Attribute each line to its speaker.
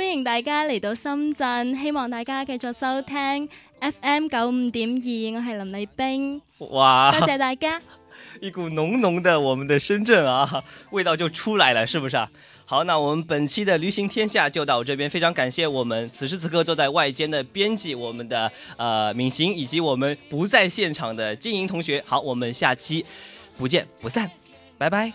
Speaker 1: 歡迎大家嚟到深圳，希望大家繼續收聽 FM 九五點二，我係林麗冰，
Speaker 2: 哇，多謝，謝大家，一股濃濃的我們的深圳啊味道就出來了，是不是啊？好，那我們本期的旅行天下就到這邊，非常感謝我們此時此刻坐在外間的編輯，我們的呃敏行以及我們不在現場的金瑩同學，好，我們下期不見不散，拜拜。